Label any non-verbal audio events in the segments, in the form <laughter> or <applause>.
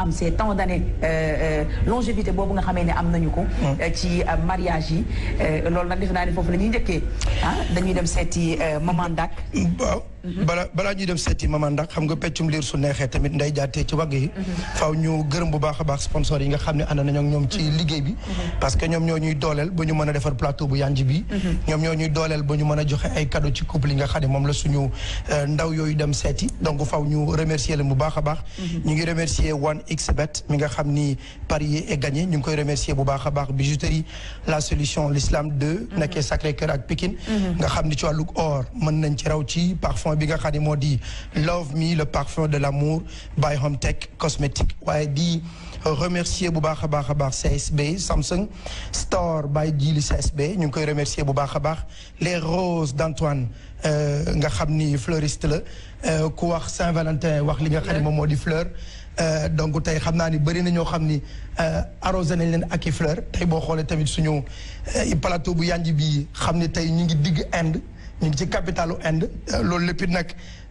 am ces temps d'année euh, euh, longévité boobu nga xamee ne am nañu ko. Mm. Euh, ci mariage yi loolu nag defe naa ne foofu la ñuy njëkkee ah dañuy dem seeti maman Dak. waaw. Mhm. bala balaa ñuy dem seeti maman ndax xam nga peccum liir su neexee tamit nday jaatee ci wagg yi mhm. faaw ñu gërëm bu baax a baax sponsor yi nga xam ne ànd nañoo ñoom ci mhm. liggéey bi parce que ñoom ñoo ñuy dooleel ba ñu mën a defar plateau bu yanj bi ñoom ñoo ñuy dooleel ba ñu mën a joxe ay cadeau ci couple yi nga xam ne moom la suñu euh, ndaw yooyu dem seeti donc faaw ñu remercier leen bu baax a baax ñu ngi remercier one x bet mi nga xam ni parier et gagné ñu ngi koy remercier a parfum bi nga xam ni moo di Love Me le parfum de l'amour by Home Tech Cosmetic waaye di remercier bu baax a baax a baax CSB Samsung Store by Jili CSB ñu ngi koy remercier bu baax a baax les roses d'Antoine euh, nga xam ni fleuriste la euh, ku wax Saint-Valentin wax li nga xam ne moom moo di fleur euh, donc tey xam naa ni bëri na ñoo xam ni arrosé nañ leen ak i fleur tey boo xoolee tamit suñu plateau bu yanj bi xam ne tey ñu ngi digg Inde ñu ngi ci capitalu Inde euh, loolu lépp it nag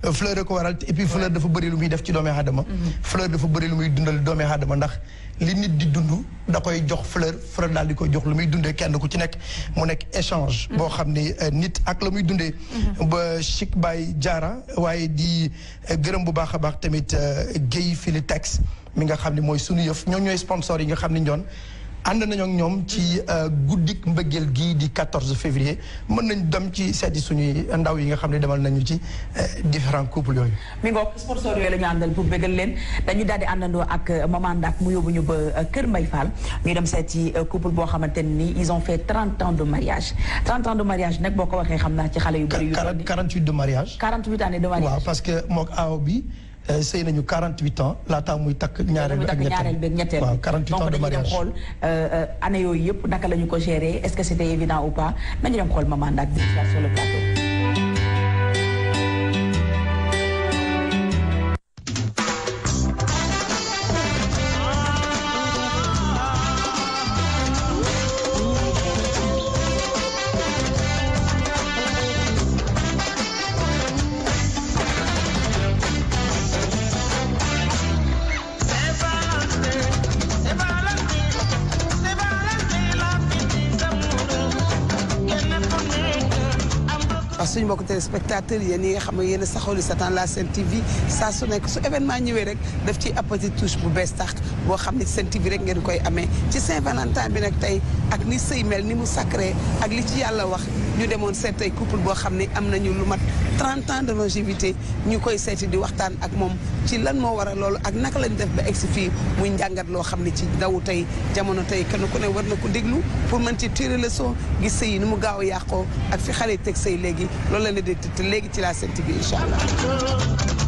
euh, fleur da ko waral et puis fleur dafa bëri lu muy def ci doomi aadama mm-hmm. fleur dafa bëri lu muy dundal doomi aadama ndax li nit di dund da koy jox fleur fleur daal di koy jox lu muy dundee kenn ku ci nekk mu nekk échange mm-hmm. boo xam ni euh, nit ak la muy dundee mm-hmm. ba Chic Bay jaara waaye di gërëm bu baax a baax tamit Guèye tex mi nga xam ne mooy sunu yëf ñoo ñooy sponsor yi nga xam ni ñoon ànd nañu ak ñoom ci euh, guddik mbëggeel gii di 14 février mën nañ dem ci seeti suñuy ndaw yi nga xam ne demal nañu ci euh, différents couples yooyu. mi ngoog sponsor yooyu la àndal pour bëggal leen dañu daal di àndandoo ak euh, maman Ndak mu yóbbu ñu ba Kër Mbay Fall ñu dem seeti couple boo xamante ni ils ont fait 30 ans de mariage 30 ans de mariage nag boo ko waxee xam naa ci xale yu bëri yu. 48 de mariage. de mariage waaw parce que mook aaw bi. Euh, sëy nañu 48 ans laata muy takk ñaareel ak ñetteel waaw 48 ans de mariage donc dañu dem xool euh, euh, année yooyu yëpp naka la ñu ko gérer est-ce que c'était évident ou pas nañu dem xool ma Ndak di sur le plateau. suñu mbokk téléspectateurs yéen ñi nga xam ne yéen a saxooli satan la Sen TV saa su nekk su événement ñëwee rek daf ciy appati touche bu bees tax boo xam ne Sen TV ngeen koy amee ci Saint-Valentin bi nag tey ak ni sëy mel ni mu sacré ak li ci yàlla wax ñu demoon seet tey couple boo xam ne am nañu lu mat 30 ans de longévité ñu koy seeti di waxtaan ak moom ci lan moo war a loolu ak naka lañ def ba egsi fii muy njàngat loo xam ne ci daw tey jamono tey kenn ku ne war na ko déglu pour mën ci tirer leçon gis sëy yi ni mu gaaw a yàqoo ak fi xale teg sëy léegi loolu la ne di te léegi ci laa Sen TV allah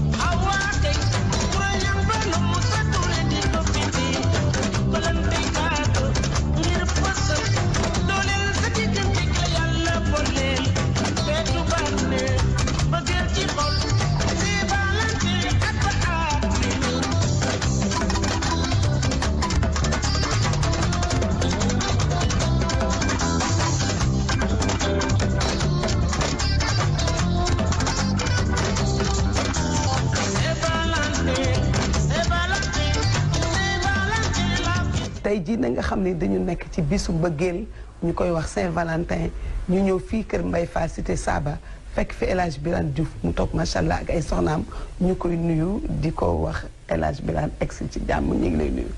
na nga xam ne dañu nekk ci bisu mbëggeel ñu koy wax Saint-Valentin ñu ñëw fii kër mbay Fall cité Saba fekk fi El Hadj Birane Diouf mu toog macha allah ak ay soxnaam ñu koy nuyu di ko wax El Hadj Birane egsi ci jàmm ñu ngi lay nuyu.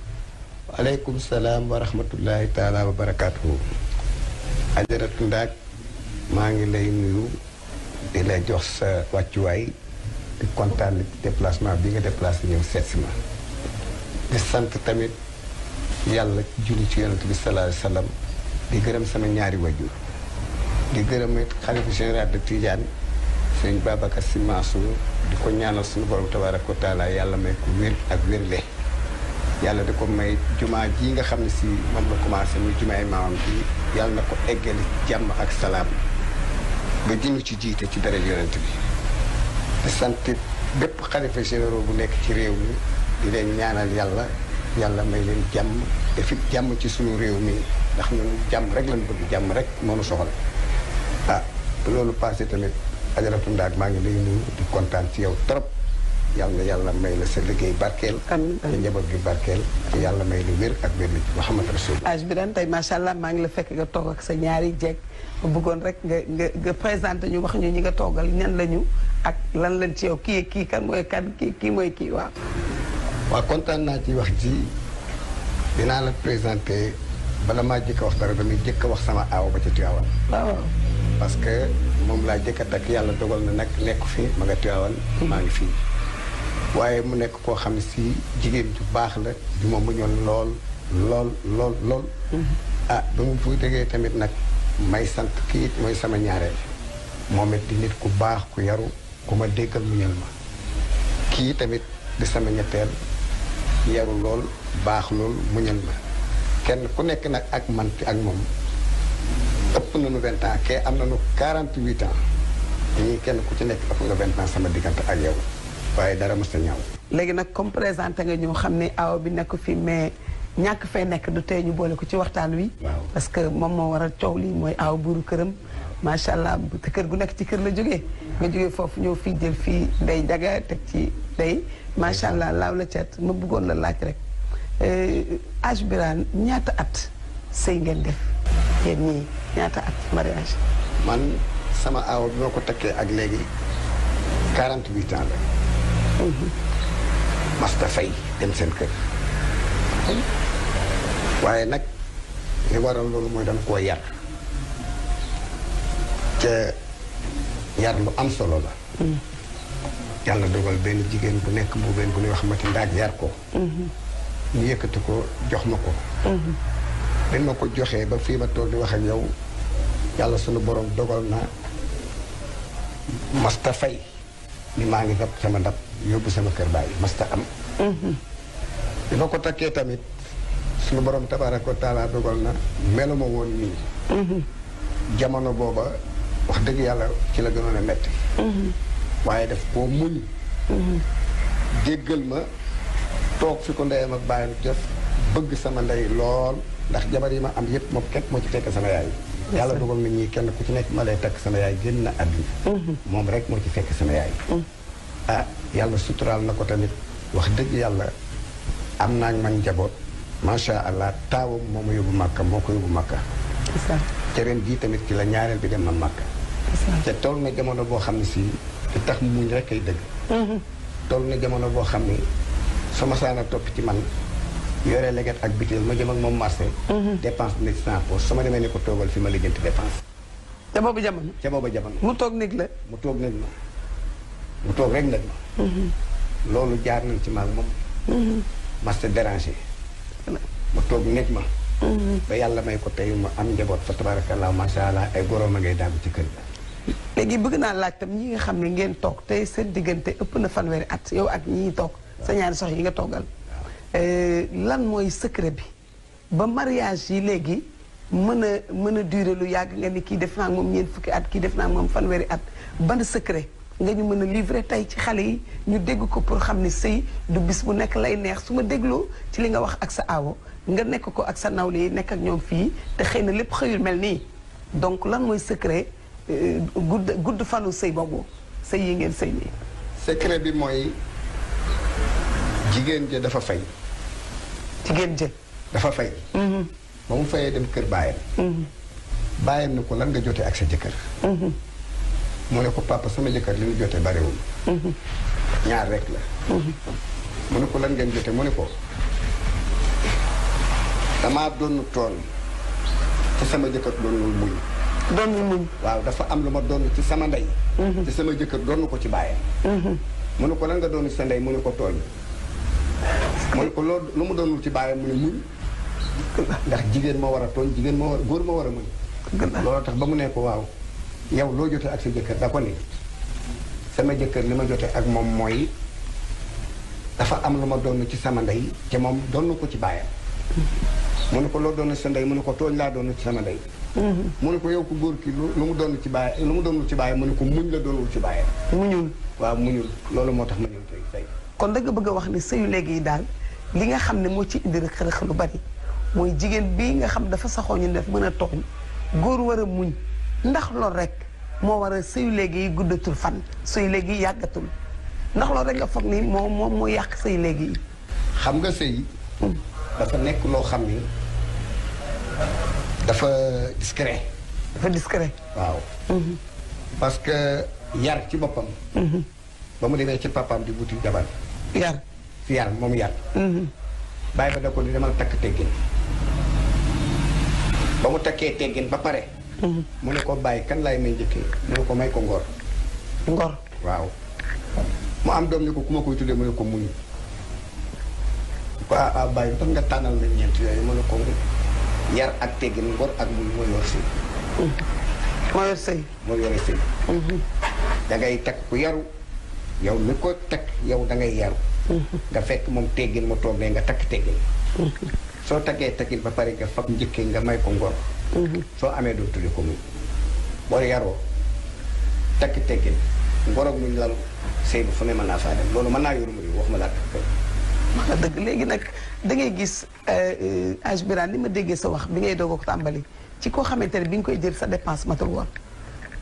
waaleykum salaam wa rahmatullahi taala wa barakaatu. ajaratu ndaaj maa ngi lay nuyu di la jox sa wàccuwaay di kontaan ci déplacement bi nga déplacé ñëw seet ma di sant tamit. yàlla julli ci yonent bi sallallahu sallam di gërëm sama ñaari wajur di gërëm it xalifa général de Tidiane sëñ Babacar Sy Mansour di ko ñaanal suñu borom tabaaraka ko taala yàlla may ko wér ak wérle yàlla di ko may jumaa ji nga xam ne si moom la commencé muy jumaay maamam ji yàlla na ko eggali jàmm ak salaam ba dinu ci jiite ci dara yonent bi di sant bépp xalifa généraux bu nekk ci réew mi di leen ñaanal yàlla yàlla may leen jàmm dafit jàmm ci suñu réew mi ndax ñun jàmm rek lañ bëgg jàmm rek moo nu soxal ah loolu passé tamit ajaratu ndaag maa ngi lay nuyu di kontaan ci yow trop yàlla na yàlla may la sa liggéey barkeel te njaboot gi barkeel yàlla may lu wér ak benn Muhammad Rasul age bi daan tey macha allah maa ngi la fekk nga toog ak sa ñaari jeeg ma bëggoon rek nga nga présenté ñu wax ñu ñi nga toogal ñan lañu ak lan lañ ci yow kii kii kan mooy kan kii kii mooy kii waaw waaw kontaan naa ci wax ji dinaa la présenté bala maa jëkk wax dara damay jëkk a wax sama aw ba ci Tiwaawan. parce que moom laa jëkk a takk yàlla dogal na nag nekku fi ma nga Tiwaawan. maa ngi fii waaye mu nekk koo xam ne si jigéen ju baax la ju ma muñoon lool lool lool lool. Mm-hmm. ah ba mu fu déggee tamit nag may sant kii it mooy sama ñaareel. moom it nit ku baax ku yaru ku ma déggal muñal ma kii tamit di sama ñetteel. yaru lool baax lool muñal ma kenn ku nekk nag ak man ak moom ëpp nañu vingt ans kee am na nañu quarante huit ans dañuy kenn ku ci nekk ëpp nga vingt ans sama diggante ak yow waaye dara mës a ñaaw. léegi nag comme présenté nga ñoo xam ne aw bi nekk fi mais ñàkk fay nekk du tee ñu boole ko ci waxtaan wi. parce que moom moo war a coow lii mooy aw buuru këram. macha allah te kër gu nekk ci kër la jógee. nga jógee foofu ñëw fii jël fii day jaga teg ci ndey. macha allah laaw la cat ma bëggoon la laaj rek âge eh, ñaata at sëy ngeen def yéen ñii ñaata at mariage man sama aaw bi ma ko takkee ak léegi 48 ans la mhm. masta fay dem seen kër waaye nag li waral loolu mooy dañ koo yar te yar lu am solo la mm. yàlla dogal benn jigéen bu nekk bu benn bu ñuy wax mati ndaag yar ko mhm. ñu yëkkati ko jox ma ko dañ mhm. ma ko joxee ba fii ma toog di wax ak yow yàlla sunu borom dogal na masta fay ni maa ngi dab sama dab yóbbu sama kër bàyyi masta am di mhm. ko takkee tamit suñu borom tabaaraka wa taala dogal na meluma woon nii jamono booba wax dëgg yàlla ci la gënoon a metti waaye def koo muñ jéggal ma toog fi ko ndeyam ak bàyyam def bëgg sama ndey lool ndax jabar yi ma am yëpp moom képp moo ci fekk sama yaay yàlla dogal na ñii kenn ku ci nekk ma lay takk sama yaay génn na yi mhm. moom rek moo ci fekk sama yaay mhm. ah yàlla suturaal na ko tamit wax dëgg yàlla am naa man njaboot macha allah taawam moo ma yóbbu màkka moo ko yóbbu màkka ca jii tamit ci la ñaareel bi dem na màkka te toll na jamono boo xam ne si te tax muñ rek ay dëgg. Mhm. toll na jamono boo xam ni sama saana topp ci man yore leget ak bitéel ma jëm ak moom marché. Mhm. dépense nekk sans sama demee ne ko toogal fi ma lijjanti dépense. ca boobu jamono ca boobu jamono. mu toog néeg la. mu toog néeg ma mu toog rek néeg mhm. loolu jaar nañ ci maag moom. marché dérangé. mu toog néeg ma. ba yàlla may ko tey mu am njaboot fa tabarakallah macha allah ay goroom a ngay daagu ci kër léegi bëgg naa laaj tam ñi nga xam ne ngeen toog tey seen diggante ëpp na fanweeri at yow ak ñi toog sa ñaari sox yi nga toggal euh, lan mooy secret bi ba mariage yi léegi mën a mën a durer lu yàgg nga ni kii def naa moom ñeent fukki at kii def naa moom fanweeri at ban secret nga ñu mën a livrer tey ci xale yi ñu dégg ko pour xam ne sëy du bis bu nekk lay neex su ma dégloo ci li nga wax ak sa aawo nga nekk ko ak sa nawle yi nekk ak ñoom fii te xëy na lépp xëyul mel nii donc lan mooy secret Euh, gudd fanu sëy boobu sëy yi ngeen sëy nii. secret bi mooy jigéen jë dafa fey jigéen ja. dafa fay. Mm-hmm. ba mu fayee dem kër baayam. Mm-hmm. baayam ne ko lan nga jotee ak sa jëkkër. Mm-hmm. mu ne ko papa sama jëkkër li ñu jotee barewul. ñaar rek la. mu ne ko lan ngeen jotee mu ne ko damaa doon tool te sama jëkkër doonul muñ. doon muñ waaw dafa am lu ma doon ci sama ndey mhm. ci sama jëkkër doon ko ci bàyyam mhm. mu ne ko lan nga doon ci sa ne ko tooñ mu ne ko loolu lu mu ci bàyyam mu ne muñ jigéen moo war a tooñ jigéen moo war a góor moo war a muñ loolu tax ba mu ne ko waaw yow loo jote ak sa jëkkër da ko ne sama jëkkër li ma jote ak moom mooy dafa am lu ma doon ci sama ndey te moom doon ko ci bàyyam mhm. mu ne ko loo doon ci sa ndey mu ne ko tooñ laa doon ci sama ndey mu ne ko yow ku góor ki lu mu doon ci bàyyi lu mu doonul ci bàyyi mu ne ko muñ la doonul ci bàyyi muñul waaw muñul loolu moo tax ma ñëw tey tey kon da bëgg a wax ne sëyu léegi yi daal li nga xam ne moo ci indi rek xërëx lu bari mooy jigéen bii nga xam dafa saxoo ñu def mën a tooñ góor war a muñ ndax loolu rek moo war a sëyu léegi yi guddatul fan sëyu léegi yi yàggatul ndax loolu rek nga foog ni moo moom moo yàq sëy léegi yi xam nga sëy hmm. dafa nekk loo xam ni dafa discret. dafa discret. waaw. Mhm. parce que yar ci boppam. Mhm. ba mu demee ci papaam di wuti jabar. yar yar moom yar. Mhm. bàyyi ba da ko di demal takk teggin. ba mu takkee teggin ba pare. mu ne ko bàyyi kan laay may njëkkee mu ne ko may ko ngor. ngor waaw. mu am doom ne ko ku ma koy tuddee mu ne ko muñ. ko ah ah bàyyi nga tànnal na ñeent yooyu mu ne ko. yar ak teggin ngor ak mu moo yor sëy moo yor sëy moo yore si mhm. dangay ngay teg ku yaru yow ni ko teg yow da ngay yaru mhm. nga fekk moom teggin mu toog ne nga takk teggin mhm. soo taggee teggin ba pare nga fab njëkkee nga may ko ngor soo amee doo tudde ko muñ boo yaroo takk teggin ngor ak muñ lal sëy bu fu ne mën naa faa dem loolu mën naa yoru muñ wax ma laa takk wax <laughs> nga dëgg léegi nag da ngay gis age euh, biraan li ma déggee sa wax bi ngay doog a tàmbali ci koo xamante ne bi nga koy jël sa dépense matul woon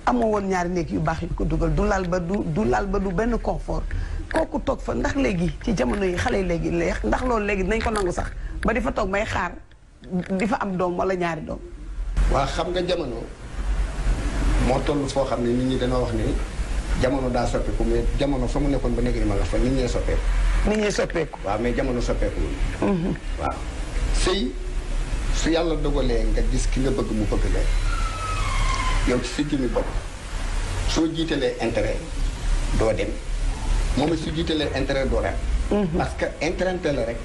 amoo woon ñaari néeg yu baax yu ko dugal du laal ba du du laal ba du benn confort kooku toog fa ndax léegi ci jamono yi xale yi léegi ndax loolu léegi dinañ ko nangu sax ba di fa toog may xaar di fa am doom wala ñaari doom. waa xam nga jamono moo toll foo xam ne nit ñi dañoo wax ni. jamono daa soppeeku mais jamono fa mu nekkoon ba nekk ma nga fa nit ñee soppeeku. nit ñee soppeeku. waaw mais jamono soppeeku. Mhm. waaw sëy su yàlla dogalee nga gis ki nga bëgg mu bëgg la yow ci sa jëmmi bopp soo jiitalee intérêt doo dem moom it su jiitalee intérêt doo dem. Mhm. parce que intérêt la rek.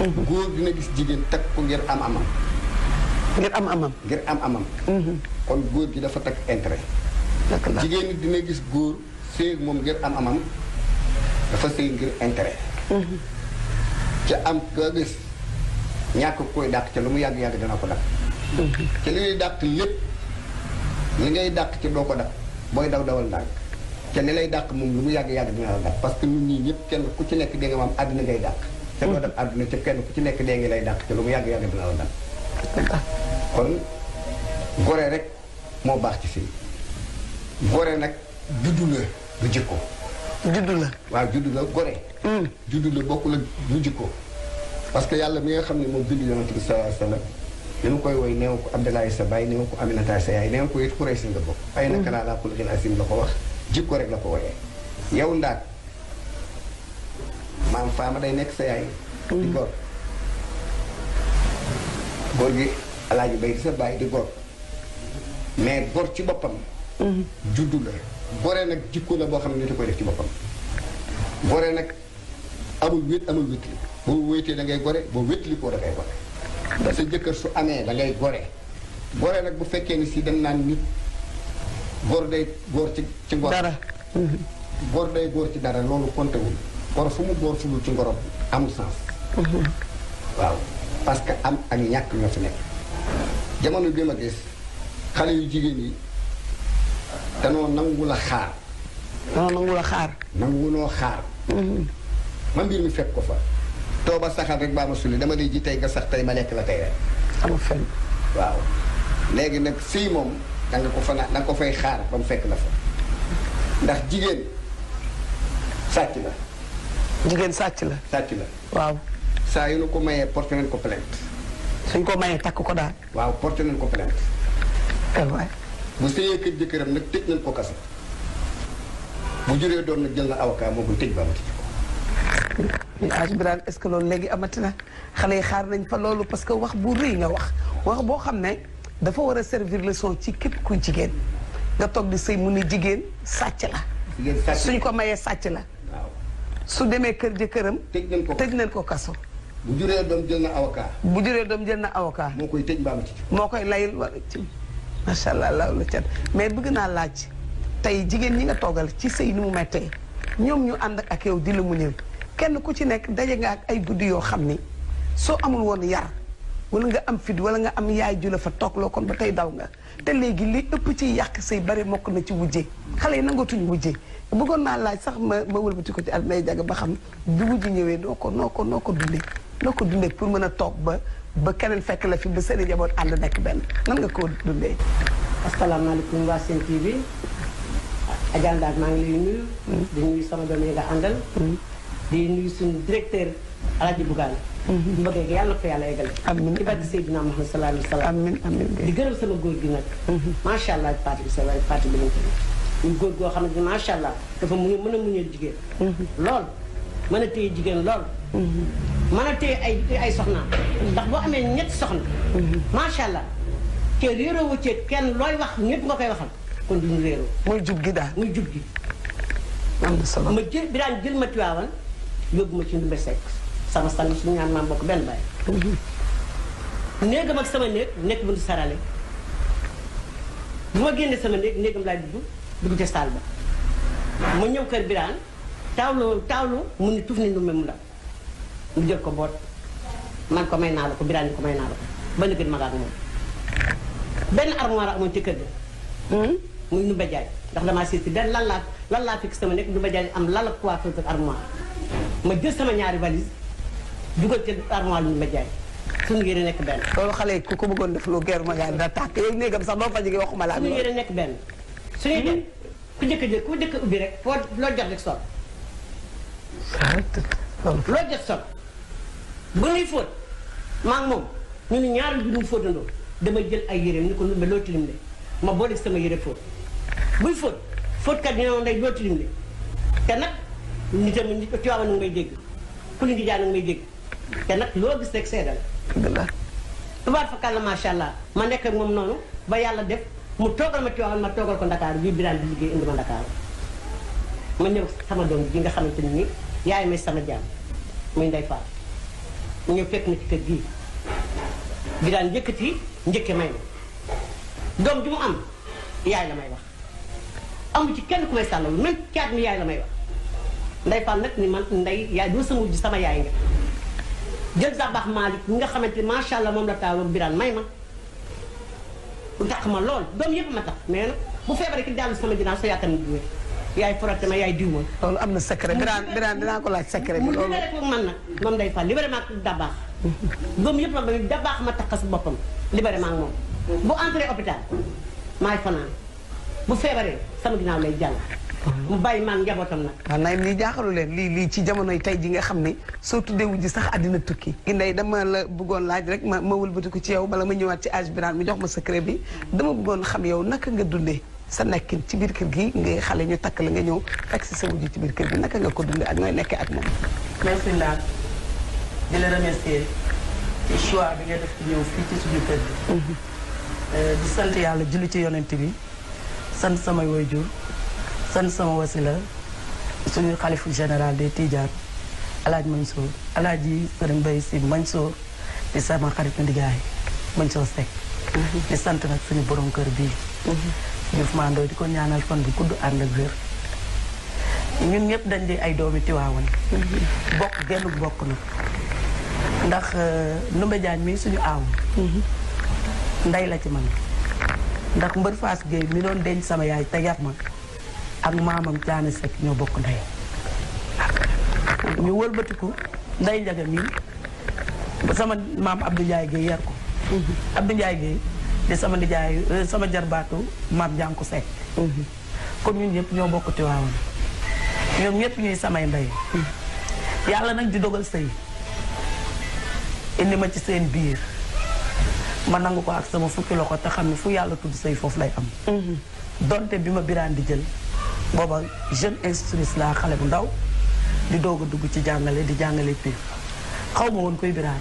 Mhm. góor dina gis jigéen takk ko ngir am amam. ngir am amam. am kon góor gi dafa takk intérêt. jigéen nit dina gis góor sëy moom ngir am amam dafa sëy ngir intérêt mm-hmm. ca am ka gis ñàkk koy dàq ca lu mu yàgg-yàgg dana ko dàq mm-hmm. ca li ngay dàq lépp li ngay dàq ca doo ko dàq booy daw dawal ndànk ca li lay dàq moom lu mu yàgg-yàgg dina la dàq parce que ñun ñii ñëpp kenn ku ci nekk dégg nga maam àddina ngay dàq ca doo def àdduna ca kenn ku ci nekk dégg nga lay dàq ca lu mu yàgg-yàgg dina la dàq kon gore rek moo baax ci sëy gore nag juddu la bu jikko. juddu la waaw juddu la gore. Hmm. juddu la bokk la du jikko. parce que yàlla mi nga xam ne moom bind yonent bi sallallahu alayhi wa sallam ni mu koy woy neew ko Abdoulaye sa baay neew ko Aminata sa yaay neew ko it Quraysh nga bokk. Hmm. ay naka laa laa xulqin asim la ko wax jikko rek la ko woyee. yow ndaat maam faama day nekk sa yaay. Hmm. di góor góor gi alaaji bay di sa baay di góor mais góor ci boppam. juddu la gore nag jikko la boo xam ne nit a koy def ci boppam gore nag amul wét amul wétli boo wéetee da ngay gore boo wétli koo da ngay gore da sa jëkkër su amee da ngay gore gore nag bu fekkee ni si dem naan nit góor day góor ci ci ngor dara góor day góor ci dara loolu kontewul góor fu mu góor fulul ci ngorom amul sens waaw parce que am ak ñàkk ñoo fi nekk jamono bi ma gis xale yu jigéen yi danoo nangu la xaar. danoo nangu la xaar. nangu noo xaar. Mhm. man mbir mi fekk ko fa. tooba saxal rek baa ma sulli dama di ji tey nga sax tey ma lekk la tey rek. waaw léegi nag sëy moom da ko fa na da nga ko fay xaar ba mu fekk la fa ndax jigéen sàcc la. jigéen sàcc la. sàcc la waaw. saa yu nu ko mayee porté nañ suñ ko mayee takk ko daal. waaw porté nañ ko plainte. bu sëyee kër jëkkëram nag tëj nañ ko kaso bu juree doom nag jël na avocat moo koy tëj ba amati ko. mais ce que léegi amati na xale yi xaar nañ fa loolu parce que wax bu rëy nga wax wax boo xam ne dafa war a servir leçon ci képp ku jigéen nga toog di sëy mu ne jigéen sàcc la. jigéen suñ ko mayee sàcc la. su demee kër jëkkëram. tëj nañ ko tëj nañ ko kaso. bu juree doom jël na avocat. bu juree doom jël na avocat. moo koy tëj ba amati ko. moo koy lay wala macha allah lawlu cat mais bëgg naa laaj tey jigéen ñi nga toogal ci sëy ni mu mettee ñoom ñu ànd ak yow di la mu ñëw kenn ku ci nekk daje nga ak ay guddi yoo xam ni soo amul woon yar wala nga am fit wala nga am yaay jula fa toog loo kon ba tey daw nga te léegi li ëpp ci yàq sëy bari mokk na ci wujje xale yi nangatuñu wujje bëggoon naa laaj sax ma ma wëlbati ko ci at may jaga ba xam bi wujj ñëwee noo ko noo ko noo ko dundee noo ko dundee pour mën a toog ba ba keneen fekk la fi ba seen i njaboot ànd nekk benn nan nga ko dundee. asalaamaaleykum waa Sen TV Adja Ndao maa ngi lay nuyu. Hmm. di nuyu sama doom yi nga àndal. Hmm. di nuyu suñu directeur El Hadj Bougane. bu hmm. bëggee yàlla ko yàlla yeggale. amiin ci barke Seydina Muhammad sallallahu alayhi wa sallam. amiin di gërëm sama góor gi nag. macha allah parti bi sa wàllu bi lañ muy góor goo xam ne macha allah dafa mën a mu a muñal jigéen. lool mën a téye jigéen lool. Mm-hmm. mën a téye ay ay soxnaam mm-hmm. ndax boo amee ñetti soxna mm-hmm. macha allah te réeroo wu kenn looy wax ñëpp nga koy waxal kon duñu réeroo muy jub gi daal muy jub gi am ma jël bi daan jël ma Tiwaawan yóbbu ma ci ndumbe sekk sama sang suñu ñaan maam bokk benn bàyyi néegam ak sama néeg nekk bu ñu sarale bu ma génnee sama néegam laay dugg dugg ca saal ba ma ñëw kër biraan taawlu taawlu mu ni tuuf ni ndumbe mu ndaw mu jël ko boot man ko may naa la ko biraan ko may naa la ko ba léegi ma ak moom. benn armoire amoon ci kër gi. Hmm? muy Ndoumbé Diagne ndax damaa siis si benn lan laa lan laa fekk sama nekk Ndoumbé Diagne am lal ak coiffeuse ak armoire ma jël sama ñaari valise dugal ci armoire Ndoumbé Diagne suñu yére nekk benn. loolu xale yi ku ko bëggoon def lu gerte ma ngaa dina tàkk yow néegam sax boo fa jógee waxuma laa. suñu yére nekk benn suñuy dem ku njëkk a jël ku njëkk ubbi rek foo loo jot sol. Ah, bu ñuy fóot maa ngi moom ñu ne ñaari bi ñu fóotandoo damay jël ay yéreem ni ko mais loo tilim de ma boole si sama yére fóot buy fóot fóotkat ñu ne woon day loo tilim de te nag ni tamit ni Tiwaawan nag may dégg ku li ngi jaa nag may dégg te nag loo gis rek seedal tubaab fakal la macha allah ma nekk ak moom noonu ba yàlla def mu toogal ma Tiwaawan ma toogal ko Dakar bii biraan di liggéey indi ma Dakar ma ñëw sama doom ji nga xamante ni yaay may sama jaam muy Ndeye Fall mu fekk ma ci kër gii di daan yëkkati njëkke may ma doom ju mu am yaay la may wax am ci kenn ku may sàllalu même caat mi yaay la may wax nday Fall ni man nday yaay doo sama wujj sama yaay nga jël sa baax Malick nga xamante ni macha allah moom la taaw ak biraan may ma tax ma lool doom yëpp ma tax mais bu feebaree ki daal sama ginnaaw sa yaakaar ni yaay frotté ma yaay diw ma. loolu am na secret biraan biraan dinaa ko laaj secret bi. loolu man nag moom day fal libéré ma ak dabaax. doom yëpp nag ba ñu ma takkas boppam libéré ma ak moom. bu entré hôpital maay fanaan bu feebaree sama ginnaaw lay jàll. mu bàyyi maan njabootam nag. waaw Naim lii jaaxalu leen lii lii ci jamonoy tey ji nga xam ne soo tuddee wuñ ci sax àddina tukki. Ginday dama la bëggoon laaj rek ma ma wëlbatiku ci yow bala ma ñëwaat ci âge bi mu jox ma secret bi dama bëggoon xam yow naka nga dundee. sa nekkin ci biir kër gi ngay xale ñu takk la nga ñëw fekk si sa wujj ci biir kër gi naka nga ko dundee ak nooy nekkee ak moom. merci laat di la remercier ci choix mhm. euh, sant yàlla julli ci yonent bi sant samay jur sant sama wasila suñu xalifu général de Tidjane alaaj Mansour alaaj yi sëriñ Bay si Mansour di sama xarit na ndigaay Mansour Seck mhm. di sant nag suñu borom kër bii mhm. man Ndoye di ko ñaanal fan bu gudd ànd ak wér ñun ñëpp dañ di ay doomi Tiwaawan bokk genn bokk na ndax euh, Ndoumbé Diagne mii suñu aaw ndey la ci man ndax mbër Fass Gueye mi doon denc sama yaay te yar ma ak maamam Thiané Seck ñoo bokk ndey ñu wëlbatiku nday njaga mii sama maam Abdou Ndiaye yar ko Abdou Ndiaye di sama nijaay euh, sama jarbaatu maam jànku sekk comme mhm. ñun ñëpp ñoo bokk Tiwaawan ñoom ñëpp ñuy samay ndey mhm. yàlla nag di dogal sëy indi ma ci seen biir ma nangu ko ak sama fukki loxo te xam ne fu yàlla tudd sëy foofu lay am mhm. donte bi ma biraan di jël booba jeune institutrice laa xale bu ndaw di doog a dugg ci jàngale di jàngale piir xaw ma woon koy biraan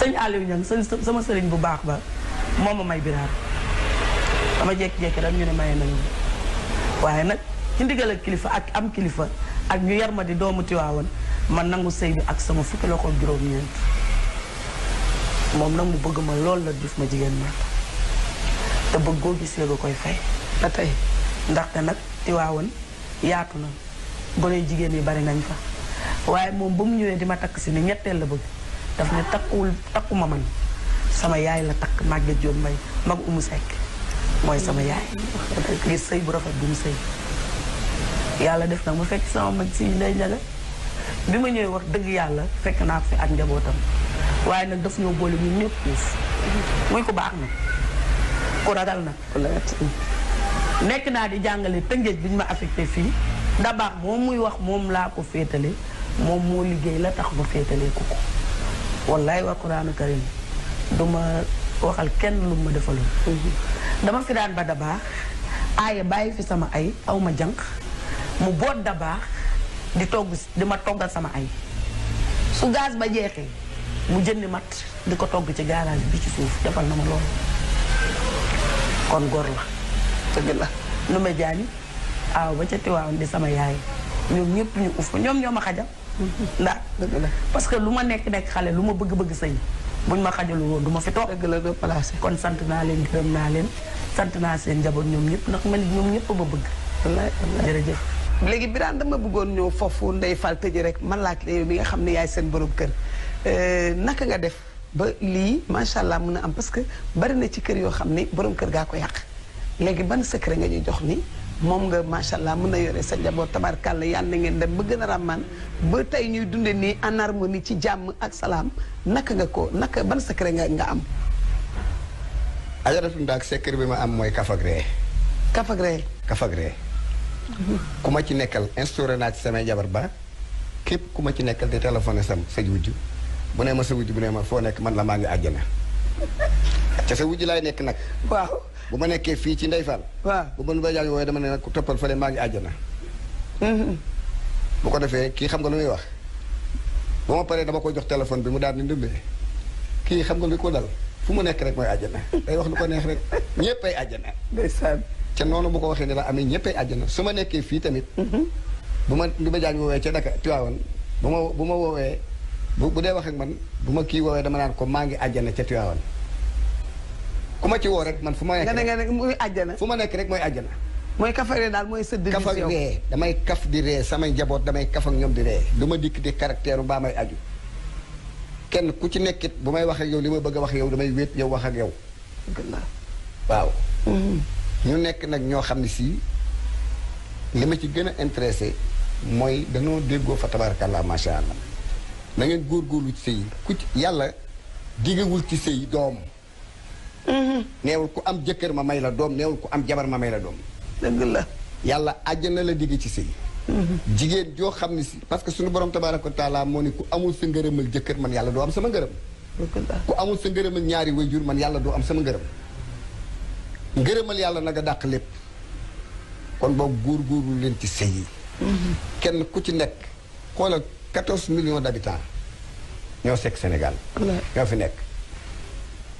sëñ Aliou Niang sama sëriñ bu baax ba moom ma may biraar dama jékki-jékki rek ñu ne maye nañu waaye nag ci ndigal ak kilifa ak am kilifa ak ñu yar ma di doomu Tiwaawan man nangu sëy bi ak sama fukki loxo juróom-ñeent moom nag mu bëgg ma lool la def ma jigéen ma te bëgg goo gis léegi koy fay te tey ndaxte nag Tiwaawan yaatu na gone jigéen yi bari nañ fa waaye moom ba mu ñëwee di ma takk si ni ñetteel la bëgg daf ne takkuwul takku ma man sama yaay la takk Maguette Diop may mag umu sekk mooy sama yaay ngir sëy bu rafet bu mu sëy yàlla def nag mu fekk sama mag si lay njaga bi ma ñëwee wax dëgg yàlla fekk naa ko fi ak njabootam waaye nag daf ñoo boole ñun ko baax na ku ragal na nekk naa di jàngale tëngéej bi ñu ma affecté fii da baax moom muy wax moom laa ko féetale moom moo liggéey la tax ma féetale ko ko wallaay wa quraanu karim du ma waxal kenn lu ma defalul dama fi daan ba dabaax aaya bàyyi fi sama ay aw ma jànq mu boot dabaax di togg di ma toggal sama ay su gaz ba jeexee mu jëndi mat di ko togg ci garage bi ci suuf defal na ma loolu kon góor la dëgg la lu ma jaani aaw ba ca tiwaawan di sama yaay ñoom ñëpp ñu uf ñoom ñoo ma xajal <laughs> ndax parce que lu ma nekk nekk xale lu ma bëgg-bëgg sëy buñ ma xajalu woon du ma fi toog. dëgg la doo placé kon sant naa leen gërëm naa leen sant naa seen njaboot ñoom ñëpp ndax man ñoom ñëpp ma bëgg. jërëjëf. léegi Birane dama bëggoon ñëw foofu Ndeye Fall tëjee rek man laaj la yow nga xam ne yaay seen borom kër euh, naka nga def ba lii macha allah mun a am parce que bari na ci kër yoo xam ni boroom kër gaa ko yàq léegi ban secret nga ñuy jox ni moom nga macha allah mën a yore sa njaboot tabarkàlla yàlla na ngeen dem ba gën a ràmmaan ba tey ñuy dundee nii en harmonie ci jàmm ak salaam naka nga ko naka ban secret nga nga am. ajaratu ndaak secret ma am mooy kafagree. kafagree. kafagree. ku ma ci nekkal instauré naa ci jabar ba képp ku ma ci nekkal di téléphoné sam sa wujj bu ne ma sa bu ne ma foo nekk man la maa ngi àjjana ca sa wujj laay nekk nag waaw. bu ma nekkee fii ci Ndeye Fall. waaw bu ma Ndeye Diagne wooyee dama ne nag ku toppal fële maa ngi àjjana. Mm-hmm. bu ko defee kii xam nga lu muy wax. ba ma paree dama ko jox téléphone bi mu daal di ndëmbee kii xam nga lu ko dal fu mu nekk rek mooy àjjana day wax lu ko neex rek ñëppay àjjana. ndeysaan. ca noonu bu ko waxee ne la amee ñëppay àjjana su ma nekkee fii tamit. Mm-hmm. bu ma Ndeye Diagne woowee ca Dakar Tivaouane bu ma bu ma woowee bu dee wax man bu ma kii woowee dama naan ko maa ngi àjjana ca Tivaouane. ku ma ci woo rek man fu ma. nekk nga muy àjjana fu ma nekk rek mooy àjjana. mooy kafaree daal mooy sa division kaf ak ree damay di ree samay njaboot damay kaf ak ñoom di ree du ma dikk di caractère baa may aju kenn ku ci nekkit bu may wax yow li ma bëgg a wax yow damay wéet yow wax ak yow. waaw. Mm-hmm. ñu nekk nag ñoo xam ne sii li ma ci gën a intéressé mooy danoo déggoo fa tabarakallah macha allah na góor góorgóorlu ci sëy ku ci yàlla diggagul ci sëy doom. neewul ku am jëkkër ma may la doom neewul ku am jabar ma may la doom. dëgg la. yàlla àjjana la digg ci sëy jigéen joo xam ne si parce que suñu borom tabaaraka wa taala moo ni ku amul sa ngërëmal jëkkër man yàlla doo am sama ngërëm. ku amul sa ngërëmal ñaari wayjur man yàlla doo am sama ngërëm. ngërëmal yàlla na nga dàq lépp kon boobu góorgóorlu leen ci sëy yi. kenn ku ci nekk xoolal quatorze million d'habitants ñoo sekk senegal ñoo fi nekk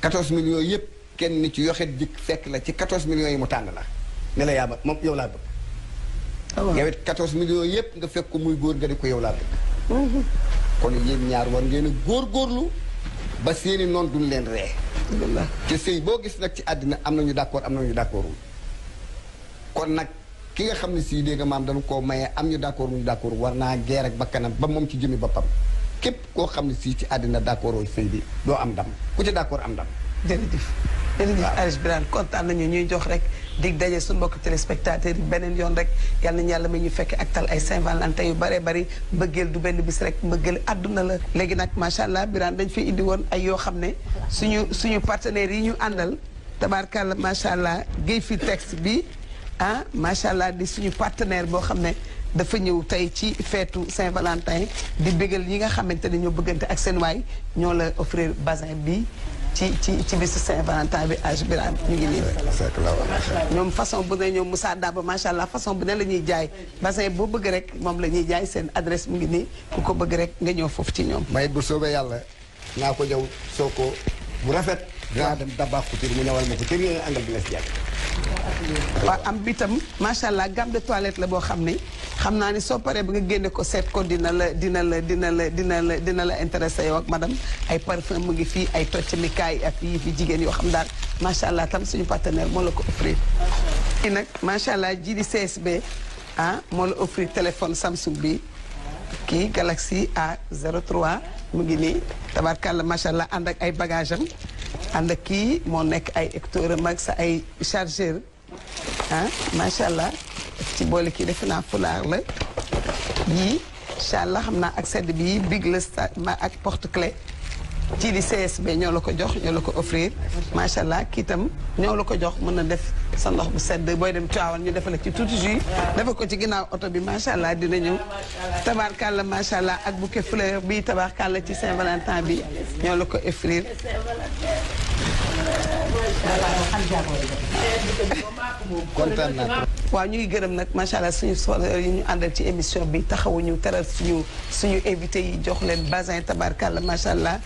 quatorze millions yëpp. kenn ni ci yoxet jikk fekk la ci 14 millions yi mu tànn la ne la yaa ba moom yow laa bëgg. Ah yow it 14 millions yëpp nga fekk ko muy góor nga di ko yow laa bëgg. Mm-hmm. kon yéen ñaar war ngeen a góorgóorlu ba seeni noon duñ leen ree. te sëy boo gis nag ci àddina am na ñu d'accord am na ñu d'accordul kon nag ki nga xam ne sii dégg nga maam dañu koo maye am ñu d'accord ñu d'accord war naa geer ak bakkanam ba moom ci jëmi boppam képp koo xam ne sii ci àddina d'accordul sëy bi doo am dam ku ci d'accord am dam jërëjëf Aris Birane kontaan nañu ñuy jox rek di daje suñu mbokk téléspectateurs yi beneen yoon rek yal nañu yàlla may ñu fekk ak tal ay Saint-Valentin yu bare bari mbëggeel du benn bis rek mbëggeel àdduna la léegi nag macha allah Birane dañ fi indi woon ay yoo xam ne suñu suñu partenaires yi ñu àndal tabaarkàlla macha allah géej fi texte bi ah macha allah di suñu partenaire boo xam ne dafa ñëw tey ci feetu Saint-Valentin di bégal yi nga xamante ne ñoo bëggante ak seen waay ñoo la offrir bazin bi ci ci ci bisu saint bi âge biram ñu ngi nii ñoom façon bu ne ñoom Moussa Daba macha allah façon bu ne la ñuy jaay bassin boo bëgg rek moom lañuy jaay seen adresse mu ngi nii ku ko bëgg rek nga ñëw foofu ci ñoom mayit bu soobee yàlla naa ko jaw soo ko bu rafet dinaa dem dabaax couture mu ñawal ma ko cër yéen angal bi nga si jàpp waaw am bi tam macha allah gamme de la boo xam ne xam naa ne soo paree ba nga génne ko seet ko dina la dina la dina la dina la dina la intéressé yow ak madame ay parfum mu ngi fii ay toccamikaay ak yi fi jigéen yoo xam daal macha allah tam suñu partenaire moo la ko offrir. i nag macha allah ji di CSB ah moo la offrir téléphone Samsung bi kii Galaxy A03 mu ngi nii tabarkàlla macha allah ànd ak ay bagages am. ànd ak kii moo nekk ay hectare mag sa ay chargeur ah macha allah ci boole kii defe naa fulaar la yii incha allah xam naa ak sedd bi big la ma ak porte clé ci di CSB ñoo la ko jox ñoo la ko offrir macha allah itam ñoo la ko jox mën na def sa ndox bu sedd booy dem Tivaouane ñu defal la ci tuuti jus dafa ko ci ginnaaw oto bi macha allah dina ñëw tabaarkàlla macha allah ak bouquet fleur bi tabaarkàlla ci Saint-Valentin bi ñoo la ko offrir kontaan naa waaw ñuy gërëm nag macha allah suñu yi ñu àndal ci émission bi taxawuñu teral suñu suñu invité yi jox leen bazin tabarkalla macha allah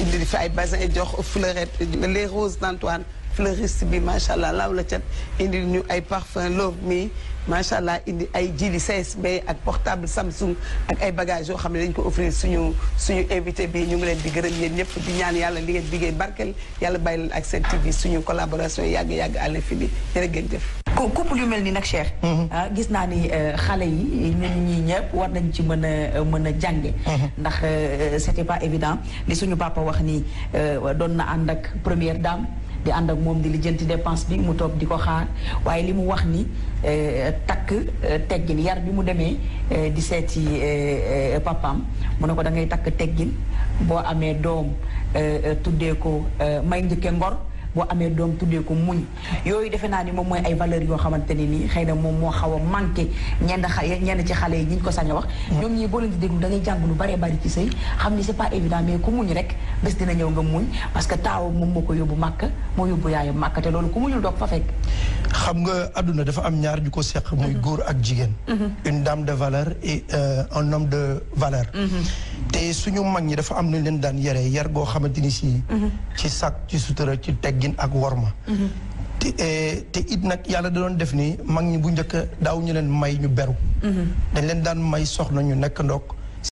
indi fi ay bazin jox fleurette les roses d'Antoine fleuriste bi macha allah laaw la cat indi ñu ay parfum love mi macha allah indi ay jili CSB ak portable Samsung ak ay bagages yoo xam ne dañ ko offrir suñu suñu invité bi ñu ngi leen di gërëm yéen ñëpp di ñaan yàlla li ngeen liggéey barkeel yàlla bàyyi leen ak seen TV suñu collaboration yàgg-yàgg àll fi bi jërë ngeen jëf. couple yu mel ni nag Cheikh. Mm-hmm. Ah, gis naa ni euh, xale yi ñun ñii ñëpp war nañ ci mën a euh, mën a jànge mm-hmm. ndax euh, c'était pas évident li suñu papa wax ni doon na ànd ak première dame. di ànd ak moom di lijjanti dépense bi mu toog di ko xaar waaye li mu wax ni euh, takk euh, teggin yar bi mu demee euh, di seeti papaam mu ne ko da ngay takk teggin boo amee doom tuddee ko may njëkke ngor boo amee doom tuddee ko muñ yooyu defe naa ni moom mooy ay valeur yoo xamante ne nii xëy na moom moo xaw a manqué ñenn xale ñenn ci xale yi ñi ñu ko sañ a wax ñoom ñii boo leen di déglu da ngay jàng lu baree bari ci sëy xam ni c'est pas évident ku muñ rek bés dina ñëw nga muñ parce que moom moo ko yóbbu màkk moo yóbbu yaayam màkk te loolu ku muñul doog fa fekk xam nga àdduna dafa am ñaar ñu ko seq muy mm-hmm. góor ak jigéen mm-hmm. une dame de valeur et euh, un homme de valeur mm-hmm. teggin ak worma. Mhm. te eh, te it nag yàlla da doon def ni mag ñi bu njëkk daaw ñu leen may ñu beru. Mhm. dañ leen daan may soxna ñu nekk ndoog.